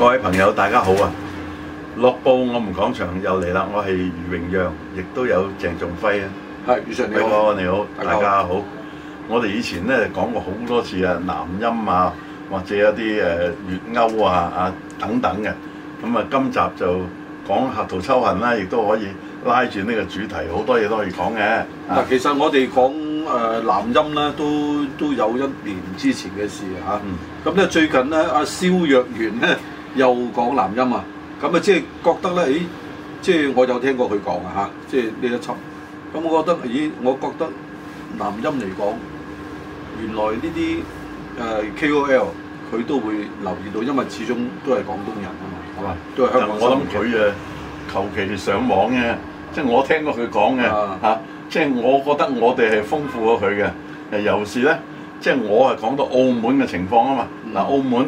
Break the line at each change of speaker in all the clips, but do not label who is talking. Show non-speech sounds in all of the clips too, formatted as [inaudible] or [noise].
各位朋友，大家好啊！樂報我們講場又嚟啦，我係余榮陽，亦都有鄭仲輝啊。係，余 Sir 你好，好你好，大家好。啊、我哋以前咧講過好多次啊，南音啊，或者一啲誒粵謳啊啊等等嘅。咁啊，今集就講行、啊《客途秋恨》啦，亦都可以拉住呢個主題，好多嘢都可以講嘅。嗱、啊，其實我哋講誒南、呃、音啦，都
都有一年之前嘅事嚇。咁、啊、咧，嗯、最近咧，阿蕭若，若元咧。 [laughs] 又講南音啊，咁啊即係覺得咧，誒，即係我有聽過佢講啊，嚇，即係呢一輯，咁我覺得，咦，我覺得南音嚟講，原來呢啲誒 KOL 佢都會留意到，因為始終
都係廣東人啊嘛，係嘛？
嗯、都係香港，我諗
佢誒求其上網嘅，即係我聽過佢講嘅嚇，即係我覺得我哋係豐富過佢嘅，誒是咧，即係我係講到澳門嘅情況啊嘛，嗱澳門。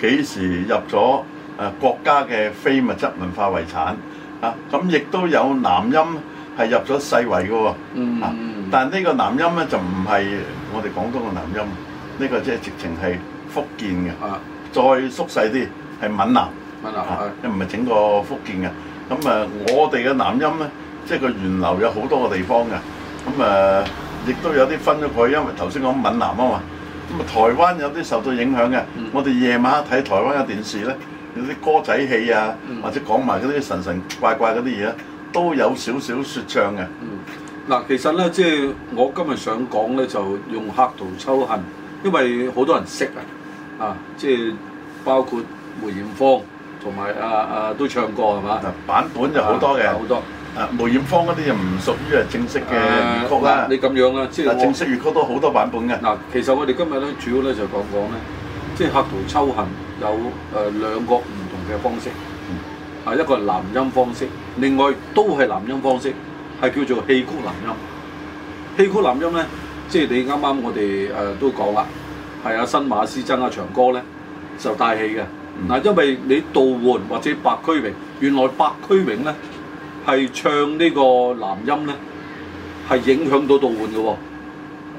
幾時入咗誒國家嘅非物質文化遺產啊？咁亦都有南音係入咗世遺嘅喎。嗯嗯但係呢個南音咧就唔係我哋廣東嘅南音，呢個即係直情係福建嘅。啊，這個、啊再縮細啲係閩南。閩南係，即係唔係整個福建嘅。咁啊，我哋嘅南音咧，即係個源流有好多個地方嘅。咁啊，亦都有啲分咗佢，因為頭先講閩南啊嘛。咁啊，嗯、台灣有啲受到影響嘅，嗯、我哋夜晚睇台灣嘅電視咧，有啲歌仔戲啊，嗯、或者講埋嗰啲神神怪怪嗰啲嘢，都有少少説唱嘅。嗯，嗱，其實咧，即、就、係、是、我今日想講咧，就用《客
途秋恨》，因為好多人識啊，啊，即、就、係、是、包括梅艷
芳同埋啊啊都唱過係嘛？嗱，嗯、版本就好多嘅，好、啊、多。啊，梅艷芳嗰啲又唔屬於係正式嘅粵曲啦。你咁樣啦，即係話正式粵曲都好多版本嘅。
嗱，其實我哋今日咧主要咧就講講咧，即係客途秋恨有誒兩個唔同嘅方式。嗯，啊一個南音方式，另外都係南音方式，係叫做戲曲南音。戲曲南音咧，即係你啱啱我哋誒都講啦，係啊新馬師曾啊長歌咧就帶戲嘅。嗱，因為你杜煥或者白駒榮，原來白駒榮咧。係唱個呢個男音咧，係影響到倒換嘅喎。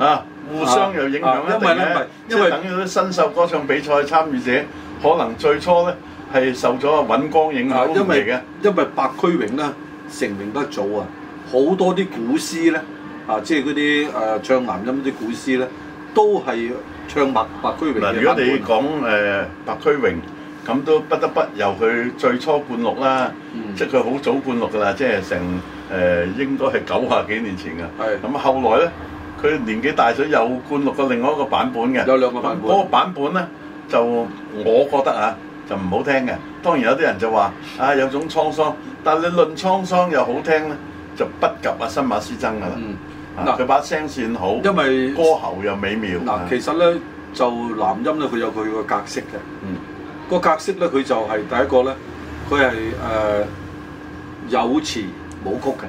啊，互相有影響因為咧，因為，因為，
因為等於啲新秀歌唱比賽嘅參與者，可能最初咧係受咗尹光影響嚟嘅。因為白駒榮咧成名得早啊，
好多啲古詩咧啊，即係嗰啲誒唱男音啲古詩咧，
都係唱白白駒榮嘅。如果你講誒、呃、白駒榮。咁都不得不由佢最初灌錄啦，嗯、即係佢好早灌錄噶啦，即係成誒、呃、應該係九十幾年前噶。咁是後來咧，佢年紀大咗又灌錄過另外一個版本嘅，有兩個版本。嗰個版本咧，就我覺得啊，嗯、就唔好聽嘅。當然有啲人就話啊，有種滄桑。但係你論滄桑又好聽咧，就不及阿新馬師曾噶啦。嗯，嗱、啊，佢把聲線好，因為歌喉又美妙。嗱、啊，其實咧就男音咧，佢有佢個格式嘅。嗯。個格式咧，佢
就係、是、第一個咧，佢係誒有詞冇曲嘅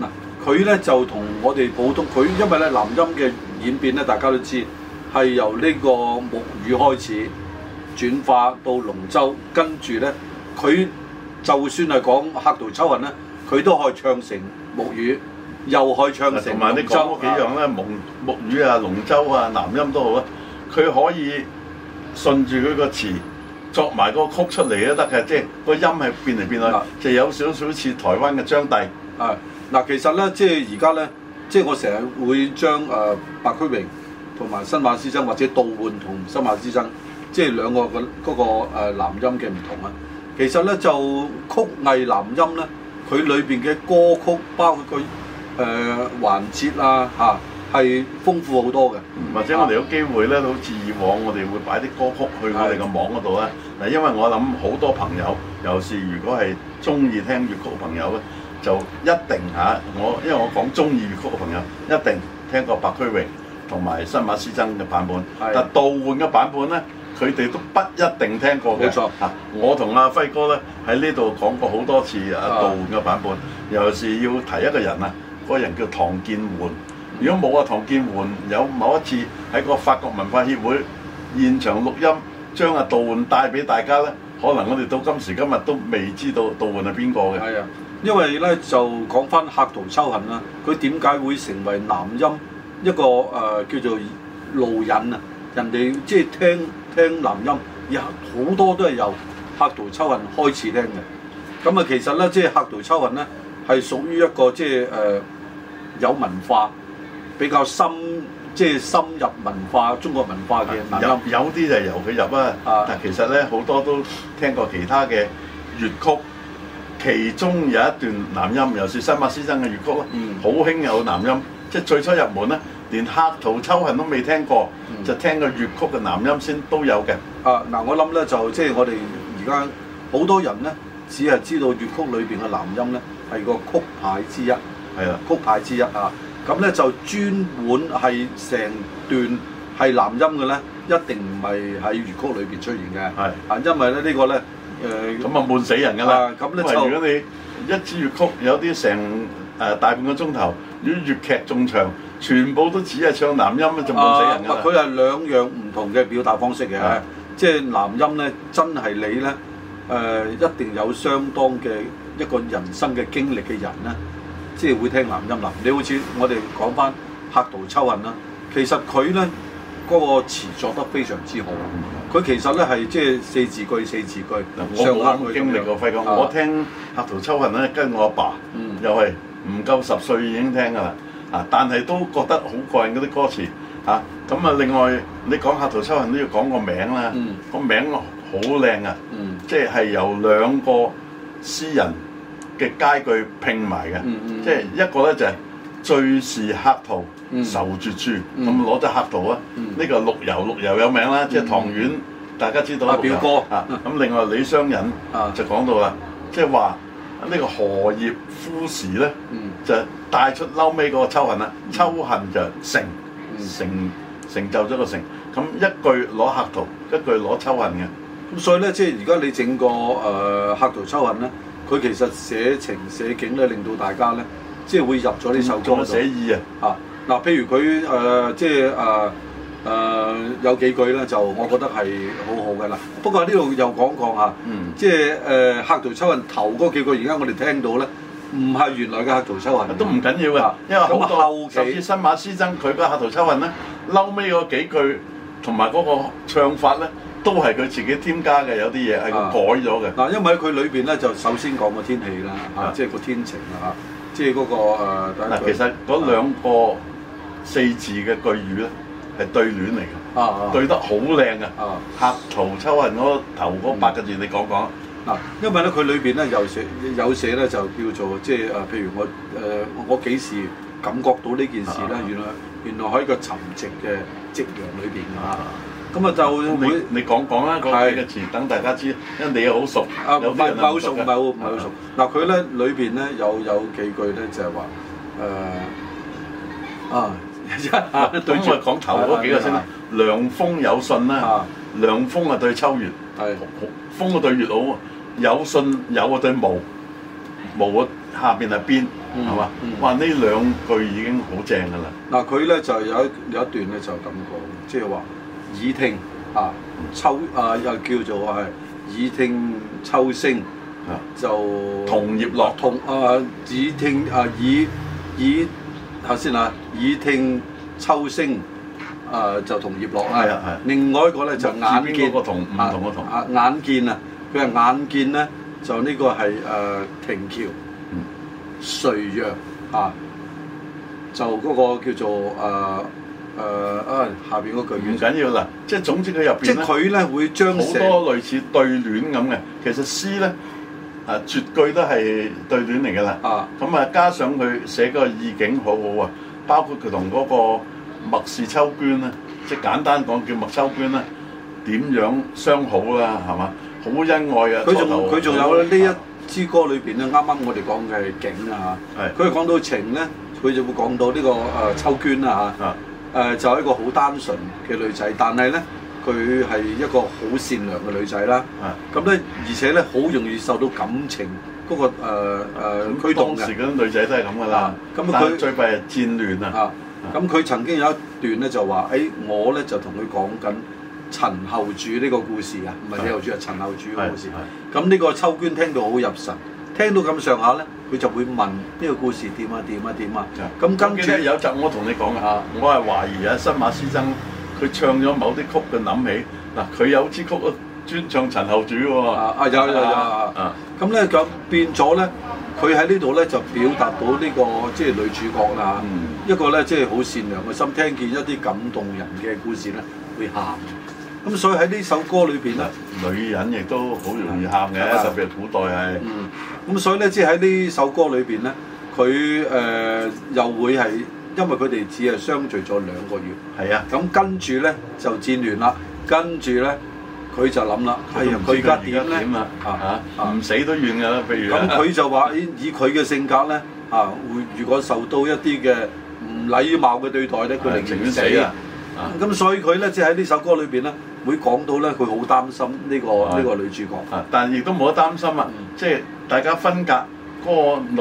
嗱，佢咧就同我哋普通佢，因為咧南音嘅演變咧，大家都知係由呢個木魚開始轉化到龍舟，跟住咧佢就算係講客途秋恨咧，佢都可以唱
成木魚，又可以唱成龍舟啊！幾樣咧，木木魚啊、龍舟啊、南音都好啊，佢可以順住佢個詞。作埋個曲出嚟都得嘅，即、就、係、是、個音係變嚟變去，啊、就有少少似台灣嘅張帝。啊，
嗱，其實咧，即係而家咧，即係我成日會將誒白駒榮同埋新馬師曾或者杜煥同新馬師曾，即係兩個嘅嗰個誒南音嘅唔同啊。其實咧、呃那個那個呃，就曲藝南音咧，佢裏邊嘅歌曲
包括個誒、呃、環節啊，嚇、啊。係豐富好多嘅，嗯、或者我哋有機會咧，好似以往我哋會擺啲歌曲去我哋嘅網嗰度咧。嗱的，因為我諗好多朋友尤其是如果係中意聽粵曲嘅朋友咧，就一定嚇、啊、我，因為我講中意粵曲嘅朋友一定聽過白駒榮同埋新馬師曾嘅版本。的但係杜煥嘅版本咧，佢哋都不一定聽過嘅。冇錯、嗯啊、我同阿輝哥咧喺呢度講過好多次阿杜煥嘅版本，尤其是要提一個人啊，嗰人叫唐健垣。如果冇啊，唐建媛，有某一次喺個法國文化協會現場錄音，將阿杜煥帶俾大家咧，可能我哋到今時今日都未知道杜煥係邊個嘅。係啊，因為咧就講
翻客途秋恨啦，佢點解會成為南音一個誒、呃、叫做路人啊？人哋即係聽聽南音，以後，好多都係由客途秋恨開始聽嘅。咁啊，其實咧即係客途秋恨咧係屬於一個即係誒、呃、有文化。比較深，即係深入
文化，中國文化嘅南音有有啲就由佢入啊。嗱、啊，但其實咧好多都聽過其他嘅粵曲，其中有一段南音尤其係新馬先生嘅粵曲咯。好興、嗯、有南音，即係最初入門咧，連客途秋恨都未聽過，嗯、就聽個粵曲嘅南音先都有嘅。啊，嗱，就是、我諗咧就即係我哋而
家好多人咧，只係知道粵曲裏邊嘅南音咧係個曲牌之一，係啊的，曲牌之一啊。咁咧就專門係成段係南音嘅咧，一定唔係喺粵曲裏邊出現嘅。係啊的，因為咧呢個咧
誒，咁、呃、啊悶死人㗎啦。咁咧、啊、如果你一支粵曲有啲成誒大半個鐘頭，如果粵劇仲長，全部都只係唱南音咧，就悶死人㗎啦。佢係兩樣唔同嘅表達方式嘅，即係的南音咧，真係你咧
誒、呃，一定有相當嘅一個人生嘅經歷嘅人咧。即係會聽南音林，你好似我哋講翻《客途秋恨》啦。其實佢咧嗰個詞作得非常之好，佢其實咧係即係四字句四字句。嗱，
嗯、上課 我冇咁經歷過，費樣我聽《客途秋恨》咧，跟我阿爸，爸、嗯、又係唔夠十歲已經聽㗎啦。啊，但係都覺得好過癮嗰啲歌詞嚇。咁啊，另外你講《客途秋恨》都要講個名啦。個名好靚啊，即係由兩個詩人。嘅佳句拼埋嘅，即係一個咧就係最是客途愁絕處，咁攞咗客途啊，呢個綠油綠油有名啦，即係唐苑。大家知道啦，表哥啊，咁另外李商隱就講到啊，即係話呢個荷葉枯時咧，就帶出嬲尾嗰個秋恨啦，秋恨就成成成就咗個成，咁一句攞客途，一句攞秋恨嘅，咁所以咧即係而家你
整個誒客途秋恨咧。佢其實寫情寫景咧，令到大家咧，即係會入咗呢首歌度。寫意啊，嚇、啊！嗱，譬如佢誒，即係誒誒有幾句咧，就我覺得係好好嘅啦。不過講講、嗯呃、呢度又講講嚇，即係誒客途秋運客途秋恨頭嗰幾句，而家我哋聽到咧，唔係原來嘅客途
秋恨。都唔緊要嘅，因為好到，甚至新馬師曾佢嘅客途秋恨咧，嬲尾嗰幾句同埋嗰個唱法咧。都係佢自己添加嘅，有啲嘢係改咗嘅。嗱，因為佢裏邊咧就首先講個天氣啦，啊，即係個天晴啦，嚇，即係嗰個誒其實嗰兩個四字嘅句語咧係對聯嚟嘅，對得好靚嘅。客途秋恨嗰頭嗰八個字，你
講講。嗱，因為咧佢裏邊咧有寫有寫咧就叫做即係誒，譬如我誒我幾時感覺到呢件事咧？原來原來喺個沉寂嘅夕陽裏邊嚇。咁啊就你你講講啦，講幾個詞，等大家知，因為你好熟，啊唔唔係好熟唔係好唔係好熟。嗱，佢咧裏邊咧有有幾句咧
就係話誒啊，對住講頭嗰幾個先啦。涼風有信啦，涼風啊對秋月，係風啊對月老，有信有啊對無，無啊下邊係邊，係嘛？話呢兩句已經好正噶啦。嗱，佢咧就有一有一段咧就咁
講，即係話。耳聽啊，秋啊又叫做係耳、啊、聽秋聲啊，就同葉落同啊，耳聽啊耳耳，頭先啊，耳聽秋聲啊就同葉落。係啊係。另外一個咧的就眼見個同啊，唔同個同啊眼見，眼見啊，佢係眼見咧就呢個係誒亭橋，垂楊、嗯、啊，啊，就嗰個叫做誒。啊啊誒啊、呃！下
邊嗰句唔緊要啦，即係總之佢入邊佢咧會將好多類似對聯咁嘅，其實詩咧啊絕句都係對聯嚟㗎啦。啊，咁啊加上佢寫個意境好好啊，包括佢同嗰個麥氏秋娟咧，即係簡單講叫麥秋娟啦，點樣相好啦，係嘛？好恩愛啊！佢仲佢仲有呢一支歌裏邊咧，啱啱我哋講嘅景啊嚇，係
佢講到情咧，佢就會講到呢個誒秋娟啦嚇。誒一言之一言之就係，是，一個好單純嘅女仔，但係咧佢係一個好善良嘅女仔啦。咁咧，而且咧好容易受到感情嗰個誒誒驅動嘅。當時女仔都係咁噶啦。咁佢最弊係戰亂啊。咁佢曾經有一段咧就話：誒我咧就同佢講緊陳後主呢個故事啊，唔係李後主啊，陳後主個故事。咁呢個，是的 個秋娟聽到好入神。聽到咁上下咧，佢就會問呢個故事
點啊點啊點啊。咁跟住咧有一集，我同你講下，我係懷疑阿、啊、新馬先生佢唱咗某啲曲，嘅，諗起嗱，佢有支曲啊，專唱陳後主喎、
啊啊。啊有有有啊。咁咧就變咗咧，佢喺呢度咧就表達到呢、這個即係、就是、女主角啦。嗯、一個咧即係好善良嘅心，聽見一啲感動人嘅故事咧，會喊。咁、嗯、所以喺呢首歌裏邊咧，女人亦都好容易喊嘅，特別係古代係。的咁所以咧，即喺呢首歌裏邊咧，佢誒、呃、又會係因為佢哋只係相聚咗兩個月，係啊，咁跟住咧就戰亂啦，跟住咧佢就諗啦，係佢而家點咧？嚇嚇、啊，唔、啊啊、死都遠噶啦，譬如咁、啊，佢就話，以佢嘅性格咧，嚇、啊、會如果受到一啲嘅唔禮貌嘅對待咧，佢寧願死啊！咁、啊、所以佢咧，即喺呢首歌裏邊咧。會講到咧，佢好擔心呢個呢個女主角，啊啊、
但係亦都冇得擔心啊！嗯、即係大家分隔嗰、那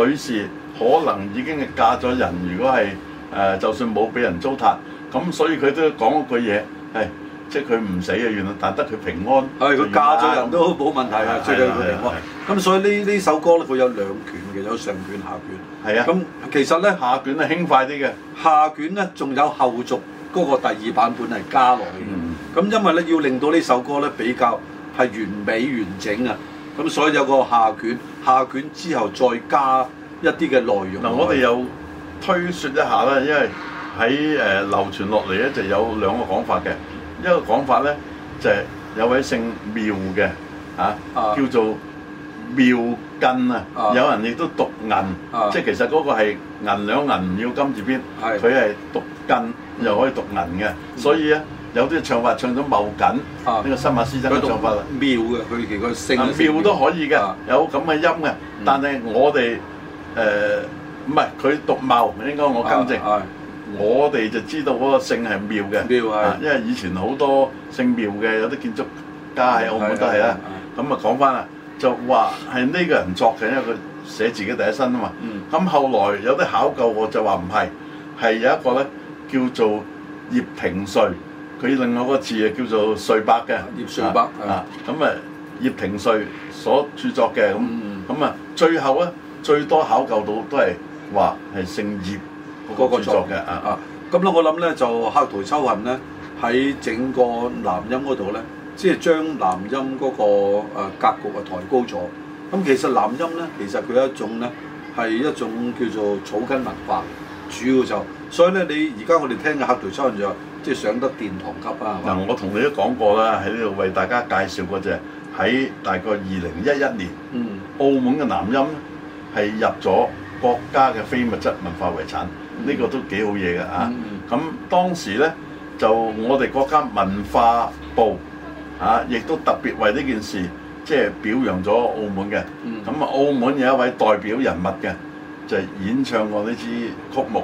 個女士，可能已經係嫁咗人。如果係誒、呃，就算冇俾人糟蹋，咁所以佢都講一句嘢，係、哎、即係佢唔死啊！原來但得佢平安。係、啊，佢嫁咗人都冇問題啊，最緊要平安。咁、啊啊
啊啊啊、所以呢呢首歌咧，佢有兩卷嘅，有上卷、下卷。係啊。咁其實咧，下卷咧輕快啲嘅，下卷咧仲有後續嗰個第二版本係加落去。咁因為咧要令到呢首歌咧比較係完美完整啊，咁所以有個下卷，下卷之後再加一啲嘅內容。嗱，我哋又
推説一下啦，因為喺誒流傳落嚟咧就有兩個講法嘅。一個講法咧就係、是、有位姓苗嘅啊，啊叫做苗根啊，有人亦都讀銀，啊、即係其實嗰個係銀兩銀，嗯、唔要金字邊，佢係、嗯、讀根，又可以讀銀嘅，所以咧。嗯有啲唱法唱到茂緊，呢、這個新馬師曾嘅唱法啦、啊。嘅佢其個姓，姓妙都可以嘅，啊、有咁嘅音嘅。但係我哋誒唔係佢讀茂，應該我更正。啊啊、我哋就知道嗰個姓係妙嘅，妙啊、因為以前好多姓妙嘅有啲建築家喺澳門都係啊。咁啊講翻啦，就話係呢個人作嘅，因為佢寫自己第一身啊嘛。咁、嗯嗯、後來有啲考究我，我就話唔係，係有一個咧叫做葉廷瑞。佢另外個字啊叫做瑞伯嘅，葉瑞伯啊，咁啊葉庭瑞所著作嘅。咁咁啊，最後啊最多考究到都係話係姓葉嗰個著作嘅啊、嗯嗯嗯、啊，咁咧、嗯、我諗咧就客途秋恨咧
喺整個南音嗰度咧，即係將南音嗰個格局啊抬高咗。咁、嗯、其實南音咧，其實佢有一種咧係一種叫做草根文化，主要就所以咧你而家我哋聽嘅客途秋恨就。即係上得殿
堂級啊！嗱，我同你都講過啦，喺呢度為大家介紹過，就係喺大概二零一一年，嗯、澳門嘅南音係入咗國家嘅非物質文化遺產，呢、嗯、個都幾好嘢嘅啊！咁、嗯、當時呢，就我哋國家文化部啊，亦都特別為呢件事即係、就是、表揚咗澳門嘅，咁啊、嗯、澳門有一位代表人物嘅就係演唱過呢支曲目。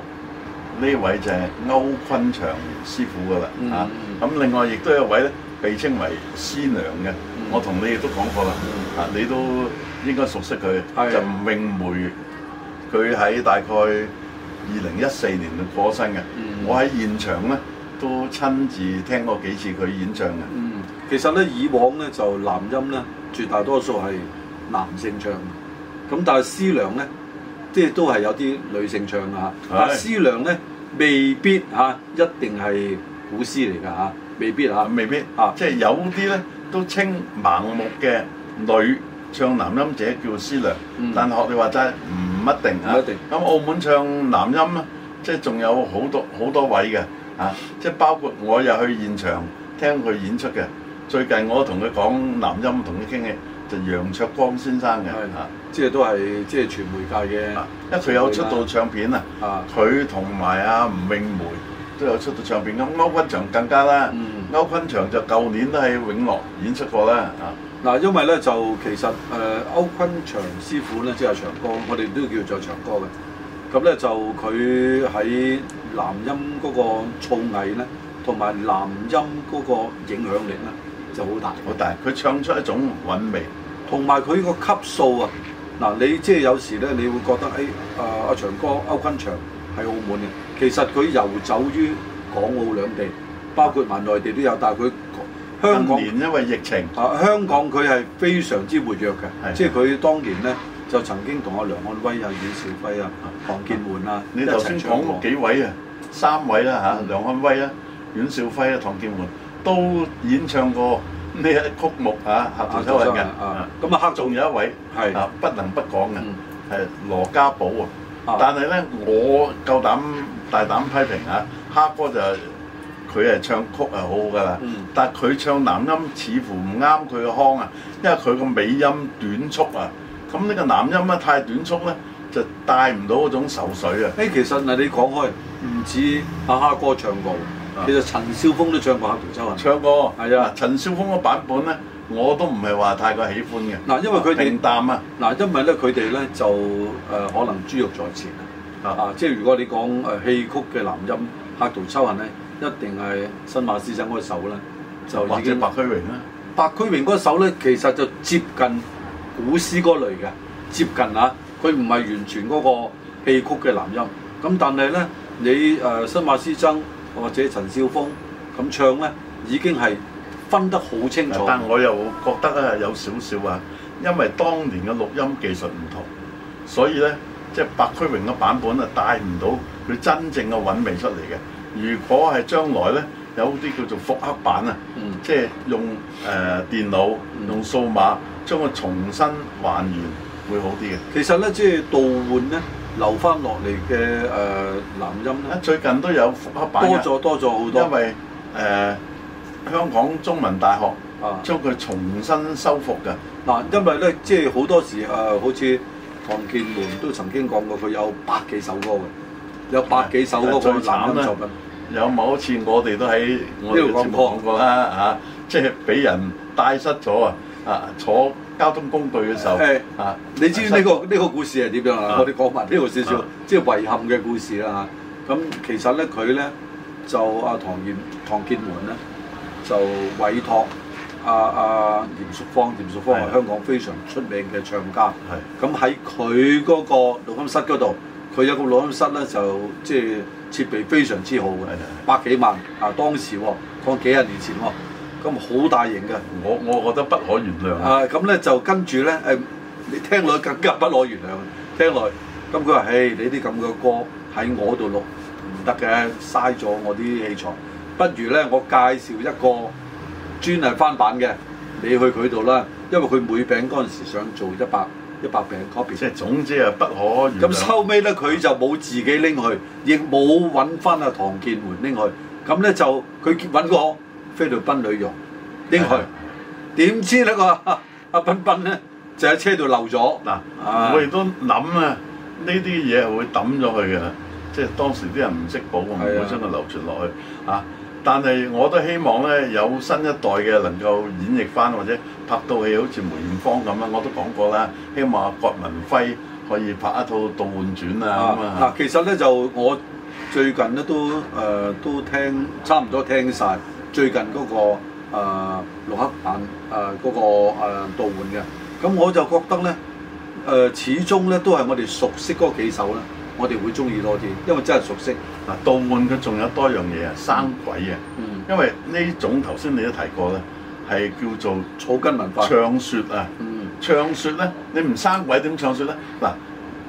呢位就係歐坤祥師傅噶啦，嚇咁、嗯嗯啊、另外亦都有一位咧，被稱為師娘嘅，嗯、我同你亦都講過啦，嚇、嗯、你都應該熟悉佢，的就係詠梅，佢喺大概二零一四年過身嘅，嗯、我喺現場咧都親自聽過幾次佢演唱嘅。嗯，其實咧以往咧就男音咧絕大多
數係男性唱，咁但係師娘咧。即係都係有啲女性唱啊。嚇的，思量咧未必嚇、啊，一定係古詩嚟嘅嚇，
未必嚇，未必啊。即係有啲咧都稱盲目嘅女唱男音者叫思量，嗯、但學你話齋唔一定嚇，唔一定。咁澳門唱男音咧，即係仲有好多好多位嘅嚇、啊，即係包括我又去現場聽佢演出嘅，最近我同佢講男音，同佢傾嘅。就楊卓光先生嘅，嚇，即係都係即係傳媒界嘅。因為佢、啊、有出道唱片啊，佢同埋阿吳詠梅都有出到唱片。咁歐坤祥更加啦，嗯、歐坤祥就舊年都喺永樂演出過啦，嚇、嗯。嗱，因為咧就
其實誒、呃、歐坤祥師傅咧即係長哥，我哋都叫做長哥嘅。咁咧就佢喺南音嗰個造詣咧，同埋南音嗰個影響力咧，就好大好大，佢唱出一種韻味，同埋佢個級數啊！嗱，你即係有時咧，你會覺得誒，阿、哎呃、長哥歐坤祥喺澳門嘅，其實佢游走於港澳兩地，包括埋內地都有，但係佢香港因為疫情，啊、香港佢係非常之活躍嘅，嗯、即係佢當年呢，就曾經同阿梁漢威啊、阮兆輝啊、唐建
滿啊，你就算講過幾位啊，嗯、三位啦、啊、吓，梁漢威咧、阮兆輝咧、唐建滿，都演唱過呢一曲目啊。啊，仲、啊、有一位，係啊，是不能不講嘅，係、嗯、羅家寶啊。但係咧，我夠膽大膽批評啊，蝦、嗯、哥就佢、是、係唱曲係好好噶啦。嗯、但係佢唱男音似乎唔啱佢嘅腔啊，因為佢個尾音短促啊。咁呢個男音咧太短促咧，就帶唔到嗰種愁緒啊。誒，其實嗱，你講開唔止阿蝦哥唱過。其實陳少峰都唱過《客途秋恨》，唱歌過，係啊！陳少峰嘅版本咧，我都唔係話太過喜歡嘅。嗱，因為佢平淡啊！嗱，因為咧佢哋咧
就誒、呃、可能豬肉在前啊啊！即係如果你講誒、呃、戲曲嘅南音《客途秋恨》咧，一定係新馬師曾嗰首啦，就或者白駒榮啦。白駒榮嗰首咧，其實就接近古詩歌類嘅，接近啊！佢唔係完全嗰個戲曲嘅南音。咁但係咧，你誒、呃、新馬師曾。或者陳少峰咁唱
呢，已經係分得好清楚。但我又覺得咧有少少啊，因為當年嘅錄音技術唔同，所以呢，即係白駒榮嘅版本啊，帶唔到佢真正嘅韻味出嚟嘅。如果係將來呢，有啲叫做復刻版啊，嗯、即係用誒、呃、電腦用數碼將佢重新還原會好啲嘅。其實呢，即係倒換呢。留翻落嚟嘅誒南音啦，最近都有復刻版多咗多咗好多。因為誒、呃、香港中文大學啊，將佢重新修復嘅嗱、啊，因
為咧即係好多時誒、呃，好似唐建門都曾經講過，佢有百幾首歌
嘅，有百幾首歌。嗰個南音作品。有，過有某一次我哋都喺我哋前講過啦嚇，即係俾人帶失咗啊坐。交通工具嘅時候，誒，你知呢個呢個故事係點樣啊？我哋講埋呢個少少，即係遺
憾嘅故事啦。咁其實咧，佢咧就阿唐賢唐建門咧就委託阿阿嚴淑芳，嚴淑芳係香港非常出名嘅唱家。係。咁喺佢嗰個錄音室嗰度，佢有個錄音室咧，就即係設備非常之好嘅，百幾萬啊！當時喎，講幾廿年前喎。咁好大型嘅，我我覺得不可原諒。啊，咁咧就跟住咧，誒，你聽落更加不可原諒。聽落，咁佢話，誒，你啲咁嘅歌喺我度錄唔得嘅，嘥咗我啲器材。不如咧，我介紹一個專係翻版嘅，你去佢度啦。因為佢每餅嗰陣時想做一百一百餅 copy。即係總之係，不可。咁收尾咧，佢就冇自己拎去，亦冇揾翻阿唐建門拎去。咁咧就佢揾我。菲律賓旅遊，應去點的知呢個阿斌斌咧
就喺車度漏咗嗱。我亦都諗啊，彬彬呢啲嘢係會抌咗佢嘅，即係當時啲人唔識補，唔的會將佢流傳落去啊。但係我都希望咧，有新一代嘅能夠演繹翻或者拍到戲，好似梅豔芳咁啦。我都講過啦，希望郭文輝可以拍一套《盜賊傳》啊。嗱、啊，其
實咧就我最近咧都誒、呃、都聽差唔多聽晒。最近嗰、那個誒，六、呃、黑版，誒、呃，嗰、那個誒，杜煥嘅，咁我就覺得咧，誒、呃，始終咧都係我哋熟悉嗰幾首咧，我哋會中
意多啲，因為真係熟悉。嗱，杜煥佢仲有多樣嘢啊，生鬼啊，嗯、因為呢種頭先你都提過咧，係叫做草根文化。唱說啊，嗯、唱說咧，你唔生鬼點唱說咧？嗱，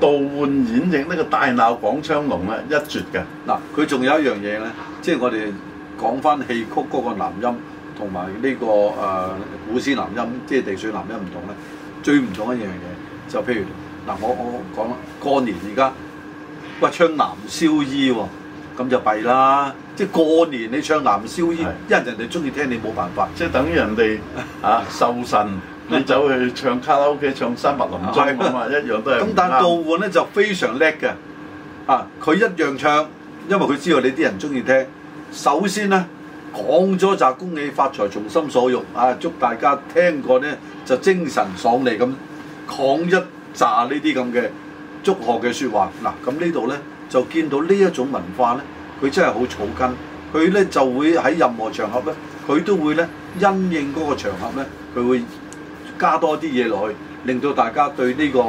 杜煥演繹呢個大鬧廣昌隆咧，一絕嘅。嗱，佢仲有一樣嘢咧，即係我哋。講翻戲曲嗰
個南音同埋呢個誒、呃、古詩南音，即係地水南音唔同咧。最唔同一樣嘢就譬如嗱，我我講啦，過年而家喂唱男燒衣喎、哦，咁就弊啦。的即係過年你唱男燒衣，的因
為人哋中意聽，你冇辦法。即係等於人哋啊壽辰，你走去唱卡拉 OK 唱山伯臨終咁啊，一樣都係啱。咁但係倒換咧就非常叻嘅啊！
佢一樣唱，因為佢知道你啲人中意聽。首先呢，講咗紮恭喜發財從心所欲啊！祝大家聽過呢就精神爽利，咁講一紮呢啲咁嘅祝賀嘅説話嗱，咁呢度呢，就見到呢一種文化呢，佢真係好草根，佢呢就會喺任何場合呢，佢都會呢因應嗰個場合呢，佢會加多啲嘢落
去，令到大家對呢個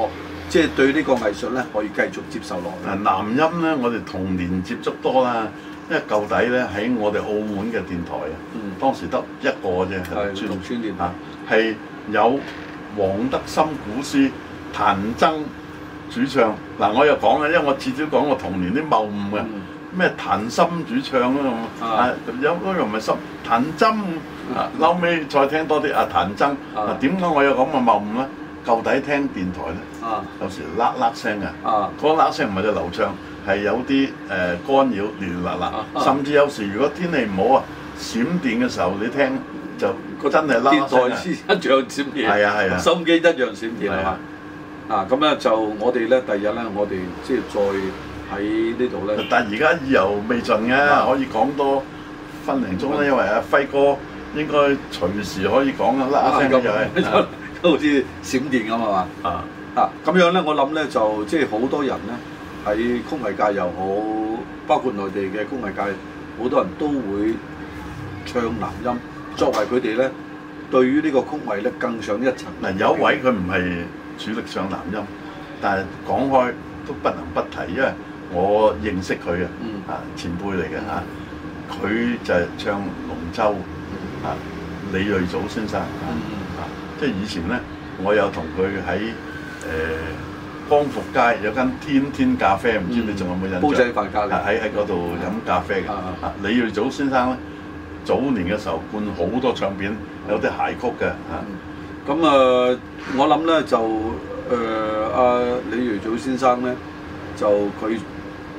即係對呢個藝術呢，可以繼續接受落去。男音呢，我哋童年接觸多啦。因為舊底咧喺我哋澳門嘅電台啊，當時得一個啫，綠村電台，係有黃德森、古詩、譚曾主唱。嗱，我又講咧，因為我至少講過童年啲謬誤嘅，咩譚心主唱啊，咁有嗰個又唔係心譚真。後尾再聽多啲阿譚曾，點解我要講個謬誤咧？舊底聽電台咧，有時喇喇聲嘅，嗰喇聲唔係啲流暢。係有啲誒干擾，亂亂啦，甚至有時，如果天氣唔好啊，閃電嘅時候你聽就真係拉聲啊，一樣閃電，係啊係啊，心機一
樣閃電係嘛？嗱，咁咧就我哋咧第日咧我哋即係再喺
呢度咧，但而家意猶未盡嘅，嗎可以講多分零鐘啦，嗎因為阿、啊、輝哥應該隨時可以講啦，拉聲咁又都好似閃
電咁啊嘛啊啊咁樣咧，我諗咧就即係好多人咧。喺曲藝界又好，包括內地嘅曲藝界，好多人都會唱
南音。作為佢哋咧，對於呢個曲藝咧更上一層。嗱，有一位佢唔係主力唱南音，但係講開都不能不提，因為我認識佢啊，啊前輩嚟嘅嚇，佢就係唱龍舟啊李瑞祖先生，即係以前咧，我有同佢喺誒。呃光復街有間天天咖啡，唔知你仲有冇印象、嗯？煲仔飯咖喱，喺喺嗰度飲咖啡嘅。嗯嗯、李瑞祖先生咧，早年嘅時候，灌好多唱片，有啲諧曲嘅嚇。咁、嗯、啊、嗯嗯，我諗
咧就誒阿、呃、李瑞祖先生咧，就佢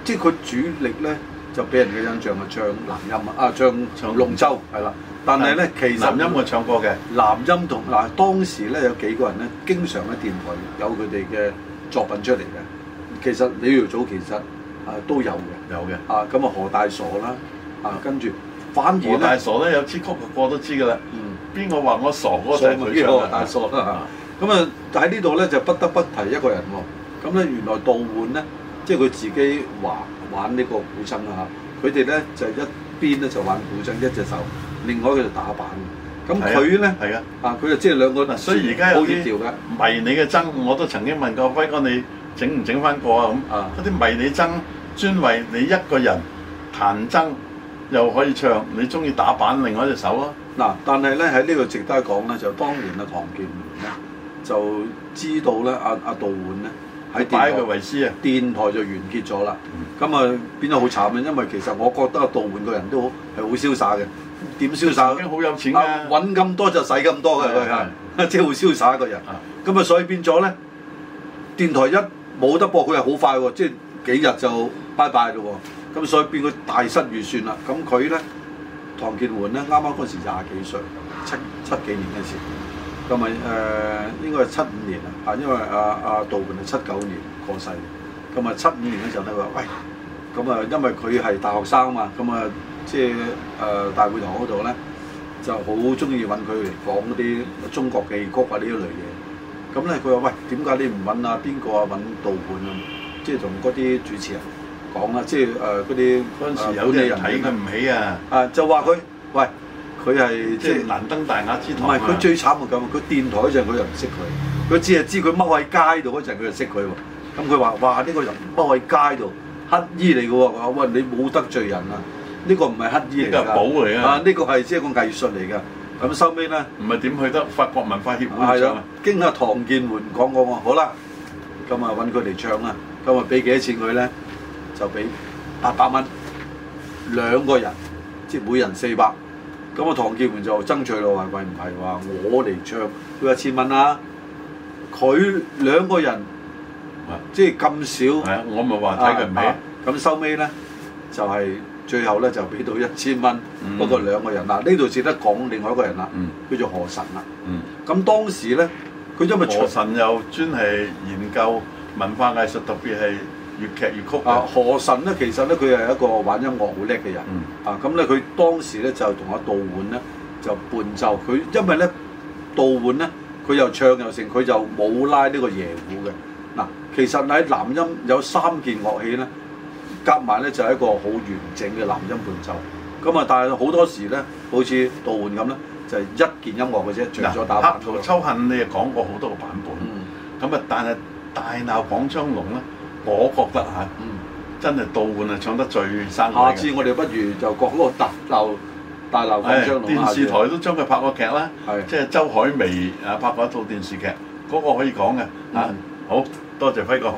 即係佢主力咧，就俾人嘅印象係唱南音啊，唱唱龍舟係啦。但係咧，其實南音我唱過嘅，南音同嗱，當時咧有幾個人咧，經常喺電台有佢哋嘅。作品出嚟嘅，其實李榮祖其實啊都有嘅，有嘅的啊，咁啊何大傻啦啊跟住，反而呢何大傻咧有支曲個個都知嘅啦，嗯，邊個話我傻嗰個就大傻啦嚇，咁的啊喺呢度咧就不得不提一個人喎，咁、啊、咧原來杜煥咧即係佢自己玩玩呢個古箏啊。嚇，佢哋咧就一邊咧就玩古箏一隻手，
另外一個就打板。咁佢咧，係的啊，啊佢就即係兩個嗱，所以而家有啲迷你嘅箏，嗯、我都曾經問過輝哥你弄弄過，你整唔整翻過啊？咁啊，啲迷你箏，嗯、專為你一個人彈箏又可以唱，你中意打板另外一隻手啊？嗱、嗯，但係咧喺呢度值得一講咧，就當年啊唐健垣咧就
知道咧阿阿杜煥咧喺第一佢為師啊，啊電，台電台就完結咗啦。咁啊變咗好慘啊，因為其實我覺得阿杜煥個人都好係好瀟灑嘅。點瀟灑，瀟灑已經好有錢啦、啊！揾咁、啊、多就使咁多嘅佢 [laughs] 啊，啊啊即係會瀟灑一個人。咁啊，所以變咗咧，電台一冇得播，佢又好快喎，即係幾日就拜拜嘞喎。咁所以變個大失預算啦。咁佢咧，唐建媛咧，啱啱嗰時廿幾歲，七七幾年嗰時，咁咪，誒，應該係七五年啊，啊，因為阿阿杜滿係七九年過世，咁啊七五年嘅嗰陣咧話喂，咁啊因為佢係大學生啊嘛，咁、嗯、啊。即係誒大會堂嗰度咧，就好中意揾佢嚟講嗰啲中國嘅歌曲啊呢一類嘢。咁咧佢話：喂，點解你唔揾啊邊個啊揾導演啊？即係同嗰啲主持人講啊。即係誒嗰啲嗰陣時有啲人睇佢唔起啊。啊！就話佢喂，佢係即係難登大雅之堂啊。唔係佢最慘係咁佢電台嗰陣佢又唔識佢，佢只係知佢踎喺街度嗰陣佢就識佢喎。咁佢話：話呢個人踎喺街度，乞衣嚟㗎喎！話喂你冇得罪人啊！呢個唔係乞衣嚟㗎，啊呢個係即係個藝術嚟㗎。咁收尾咧，唔係點去得？法國文化協會唱，經阿唐建桓講我話好啦，咁啊揾佢嚟唱啦。咁啊俾幾多錢佢咧？就俾八百蚊兩個人，即係每人四百。咁啊，唐建桓就爭取路華貴唔係話我嚟唱，佢話一千蚊啊，佢兩個人，即係咁少。係啊，我咪話睇佢唔起。咁收尾咧，就係。最後咧就俾到一千蚊，嗯、不過兩個人啦，呢度只得講另外一個人啦，嗯、叫做何神啦。咁、嗯、當時咧，佢因為何神又專係研究文化藝術，特別係粵劇粵曲嘅。何、啊、神咧其實咧佢係一個玩音樂好叻嘅人。嗯、啊咁咧佢當時咧就同阿杜煥咧就伴奏，佢因為咧杜煥咧佢又唱又成，佢就冇拉呢個椰胡嘅。嗱、啊，其實喺南音有三件樂器咧。啊夾埋咧就係一個好完整嘅南音伴奏，咁啊但係好多時咧，好似
杜煥咁咧，就係、是、一件音樂嘅啫，除咗打版。秋恨你又講過好多個版本，咁啊、嗯、但係大鬧廣昌隆咧，我覺得嚇，嗯、真係杜煥啊唱得最生。下次我哋不如就講嗰個大鬧大鬧廣昌隆、哎。電視台都將佢拍過劇啦，哎、即係周海媚啊拍過一套電視劇，嗰、那個可以講嘅嚇，嗯、好多謝輝哥。